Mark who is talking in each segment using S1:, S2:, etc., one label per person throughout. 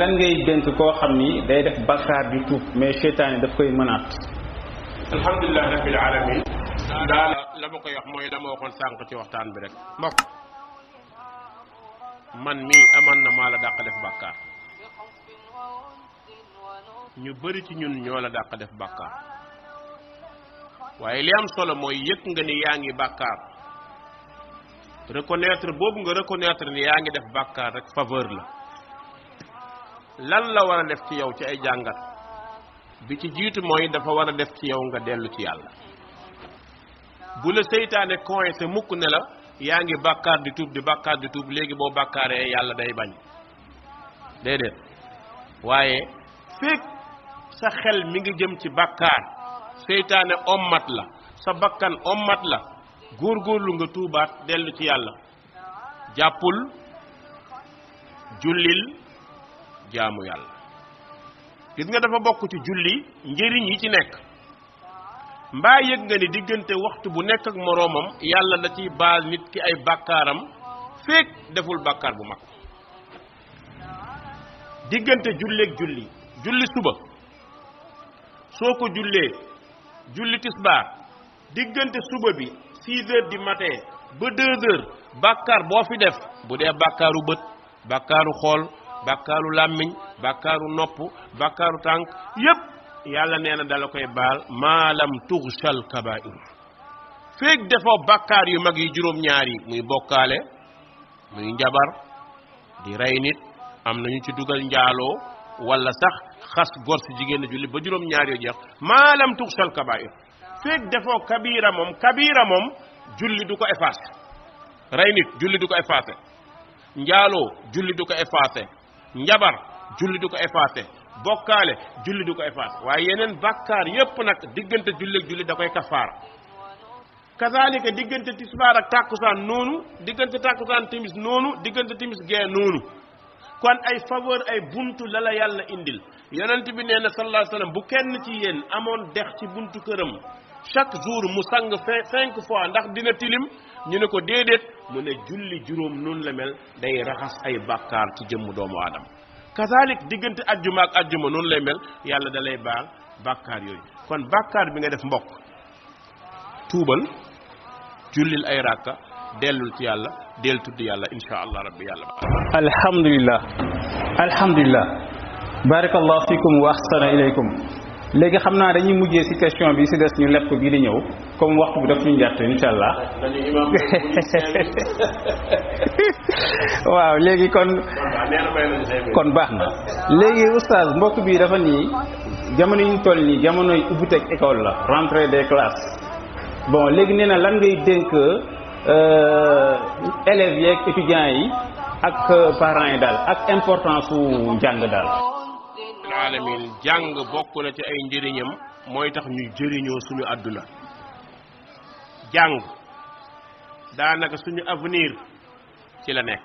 S1: lan ngay dénk koo xam ni day def bakkaar bi tuub mais seytaane daf koy mënaat. alhamdulilah rabbil alamin
S2: daal la ma koy yax mooy la ma waxoon sànq ci waxtaan bi rek mbokk man mii aman na maa la dàq def bàkkaar ñu bari ci ñun ñoo la dàq def bàkkaar waaye li am solo mooy yëg nga ni yaa ngi bàkkaar reconnaître boobu nga reconnaître ni yaa ngi def bàkkaar rek faveur la lan la war a def ci yow ci ay jàngat bi ci jiitu mooy dafa war a def ci yow nga dellu ci yàlla bu la seytaane coincé mukk ne la yaa ngi bàkkaar di tuub di bàkkaar di tuub léegi boo bàkkaaree yàlla day bañ déedéet waaye fekk sa xel mi ngi jëm ci bàkkaar seytaane ommat la sa bakkan ommat la góorgóorlu nga tuubaat dellu ci yàlla jàppul jullil jaamu yàlla gis nga dafa bokk ci julli njëriñ yi ci nekk mbaa yëg nga ni diggante waxtu bu nekk ak moroomam yàlla da ciy baal nit ki ay bàkkaaram fekk deful bàkkaar bu mag diggante julleeg julli julli suba soo ko jullee julli tisbaar diggante suba bi 6 di du matin ba 2 bàkkaar boo fi def bu dee bàkkaaru bët bàkkaaru xool bàkkaaru làmmiñ bàkkaaru nopp bàkkaaru tànk yépp yàlla nee na dala koy baal maalam tuxsal kabair feeg defoo bàkkaar yu mag yi juróom-ñaar yi muy bokkaale muy njabar di rey nit am nañu ci dugal njaaloo wala sax xas gor si jigéen na julli ba juróom-ñaar yoo jeex maalam tuxsal kabair feeg defoo kabiira moom kabiira moom julli du ko effacé rey nit julli du ko effacé njaaloo julli du ko effacé njabar julli du ko effacé bokkaale julli du ko effacé waaye yeneen bàkkaar yépp nag diggante julli ak julli da koy kafaar kazaalika diggante tisbaar ak tàkkusaan noonu diggante tàkkusaan timis noonu diggante timis gee noonu kon ay faveur ay buntu lala yàlla indil yonent bi nee na sallallahu alayhi bu kenn ci yéen amoon dex ci buntu këram chaque jour mu sang 5 fois ndax dina tilim ñu ne ko dedet mu ne julli jurom noonu la mel day raxas ay bakkar ci jëm doomu adam kazalik digënté aljuma ak aljuma noonu lay mel yàlla dalay baal bakkar yoy kon bakkar bi nga def mbokk tuubal jullil ay ràkka delul ci yàlla del tudd yàlla insha allah rabbi yàlla
S1: alhamdulillah alhamdulillah barakallahu fikum wa ahsana ilaykum Les xamna dañuy ci question bi ci des ñu comme waxtu bi daf ñu inshallah waaw kon kon baax na oustaz mbokk bi dafa ni jamono ñu toll la rentrée des classes bon léegi néna lan ngay euh élèves étudiants yi ak euh, parents yi dal ak importance
S2: alamin jàng bokk na ci ay njëriñam mooy tax ñu jëriñoo suñu àdduna jàng daanaka suñu avenir ci la nekk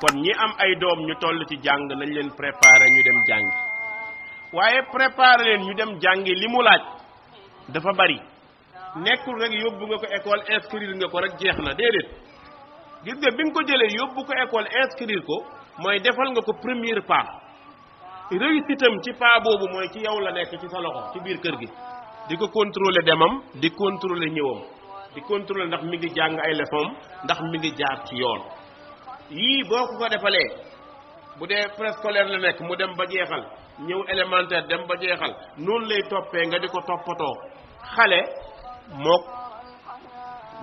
S2: kon ñi am ay doom ñu toll ci jàng nañ leen préparer ñu dem jàngi waaye préparer leen ñu dem jàngi li mu laaj dafa bari nekkul rek yóbbu nga ko école inscrire nga ko rek jeex na déedéet gis nga bi nga ko jëlee yóbbu ko école inscrire ko mooy defal nga ko premier pas réussite am ci pas boobu mooy ci yow la nekk ci sa loxo ci biir kër gi di ko controle demam di contrôler ñëwam di contrôler ndax mi ngi jàng ay leçon ndax mi ngi jaar ci yoon yii boo ko ko defalee bu dee préscolaire la nekk mu dem ba jeexal ñëw élémentaire dem ba jeexal noonu lay toppee nga di ko toppatoo xale mook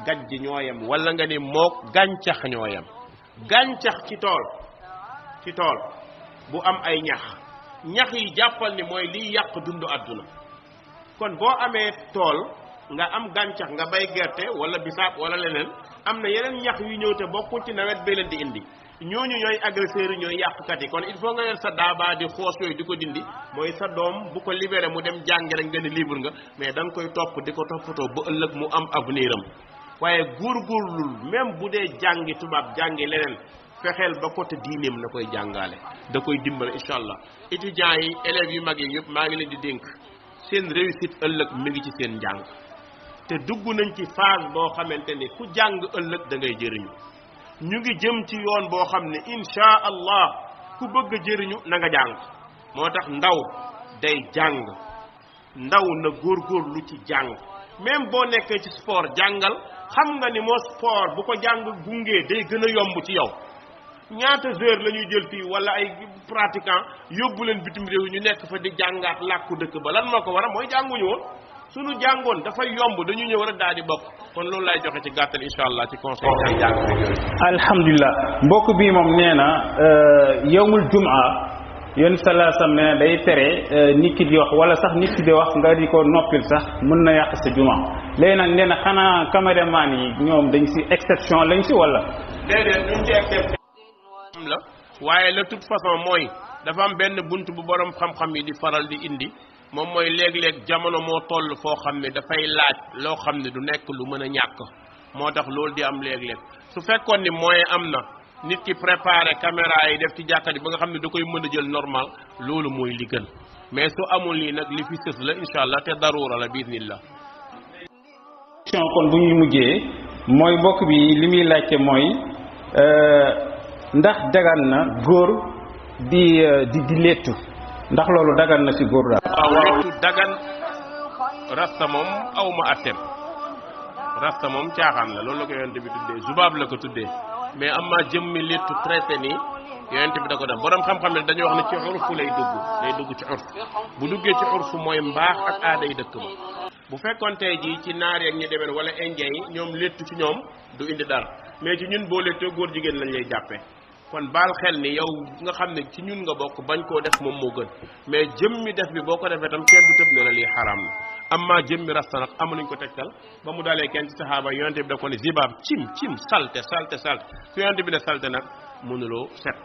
S2: gajj ñooyam wala nga ni mook gàncax ñooyam gàncax ci tool ci tool bu am ay ñax ñax yi jàppal ni mooy liy yàq dundu àdduna kon boo amee tool nga am gàncax nga bay gerte wala bisaab wala leneen am na yeneen ñax yu ñëw te bokkul ci nawet bee leen di indi ñooñu ñooy agresseurs yi ñooy yàqkat yi kon il faut nga yor sa daabaa di xoos yooyu di ko dindi mooy sa doom bu ko libéré mu dem jàngi rek nga ne libre nga mais danga koy topp di ko toppatoo ba ëllëg mu am avenir am waaye góorgóorlul même bu dee jàngi tubaab jàngi leneen fexeel ba côté diineem na koy jàngale da koy dimbale incha allah étudiants yi élèves yu mag yi yëpp maa ngi leen di dénk seen réussite ëllëg mi ngi ci seen njàng te dugg nañ ci phase boo xamante ni ku jàng ëllëg dangay ngay jëriñu ñu ngi jëm ci yoon boo xam ne incha allah ku bëgg a jëriñu na jàng moo tax ndaw day jàng ndaw na góor góor lu ci jàng même boo nekkee ci sport jàngal xam nga ni moo sport bu ko jàng gungee day gën a yomb ci yow ñaata heure la ñuy jël fii wala ay pratiquant yóbbu leen bitim réew ñu nekk fa di jàngaat làkku dëkk ba lan moo ko waral mooy jànguñu woon suñu jàngoon dafay yomb dañu ñëw rek daal di bokk kon loolu lay joxe ci gàttal incha allah ci conseil
S1: mbokk bii moom nee na euh, yowmul jumaa yéen salaasam nee na day tere euh, nit ki di wax wala sax nit di wax nga di ko noppil sax mën na yàq sa juma léegi nag nee na xanaa caméraman yi ñoom dañ si exception lañ si wala
S2: déedéet duñ ci exception xam la waaye la toute façon mooy dafa am benn bunt bu borom xam-xam yi di faral di indi moom mooy léeg-léeg jamono moo toll foo xam ne dafay laaj loo xam ne du nekk lu mën a ñàkk moo tax loolu di am léeg-léeg su fekkoon ni mooy am na nit ki préparé caméra yi def ci jàkka ji ba nga xam ne da koy mën a jël normal loolu mooy li gën mais su amul lii nag li fi sës la incha allah te daruura la bismillah
S1: kon bu ñuy mujjee mooy mbokk bi li muy laajte mooy. Euh, ndax dagan na góor di euh, di di léttu ndax loolu dagan na ci góor daal waaw
S2: léttu dagan rasta moom awma attem rasta moom caaxaan la loolu la ko yonent bi tuddee jubaab la ko tuddee mais am ma jëmmi léttu traité nii yonent bi da ko def borom xam-xam yi dañuy wax ne ci urfu lay dugg lay dugg ci urfu bu duggee ci urfu mooy mbaax ak yi dëkk ba bu fekkoon tey jii ci naar yeeg ñu demeen wala indien yi ñoom létt ci ñoom du indi dara mais ci ñun boo léttoo góor jigéen lañ lay jàppee kon baal xel ni yow nga xam ne ci ñun nga bokk bañ koo def moom moo gën mais mi def bi boo ko defee tam kenn du tëb ne la lii xaraam na amma jëmmi rasta nag amuluñ ko tegtal ba mu dalee kenn ci saxaaba yonente bi da ko ne zibaab salte salte salte su bi ne salte nag mënuloo set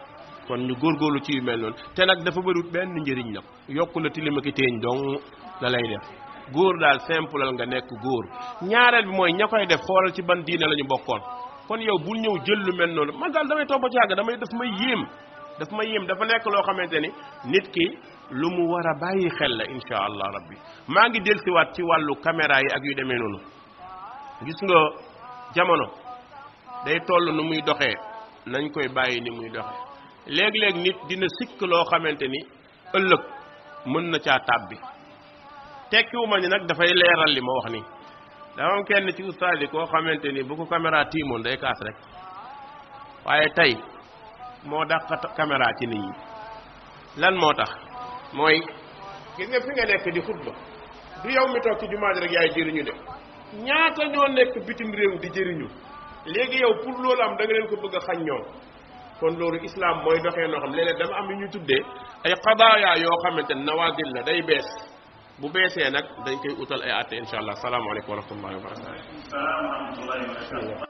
S2: kon ñu góorgóorlu ci yu mel noonu te nag dafa bëriwut benn njëriñ nag yokku la tilimaki téeñ dong la lay def góor daal simple al nga nekk góor ñaareel bi mooy ña koy def xoolal ci ban diine la ñu bokkoon kon yow bul ñëw jël lu mel noonu man damay toog ba ci yàgg damay dafa may yéem daf may yéem dafa nekk loo xamante ni nit ki lu mu war a bàyyi xel la insha allah rabbi maa ngi dellusiwaat ci wàllu caméra yi ak yu demee noonu gis nga jamono day toll nu muy doxee nañ koy bàyyi ni muy doxee léeg-léeg nit dina sikk loo xamante ni ëllëg mën na caa tàbbi tekkiwu ma ni nag dafay leeral li ma wax nii dafa am kenn ci ustaas yi koo xamante ni bu ko caméra tiimoon day kaas rek waaye tey moo dàq caméra ci nit ñi lan moo tax mooy gis nga fi nga nekk di xutba du yow mi toog ci jumaa ji rek yaay jëriñu de ñaata ñoo nekk bitim réew di jëriñu léegi yow pour loolu am da nga leen ko bëgg xañ ñoom kon loolu islam mooy doxee noo xam léeg dama am yu ñu tuddee ay xadaaya yoo xamante ne nawaazil la day bees bu beesee nag dañ koy utal ay àtte incha allah salaamaaleykum wa rahmatullahi
S1: wa barakatu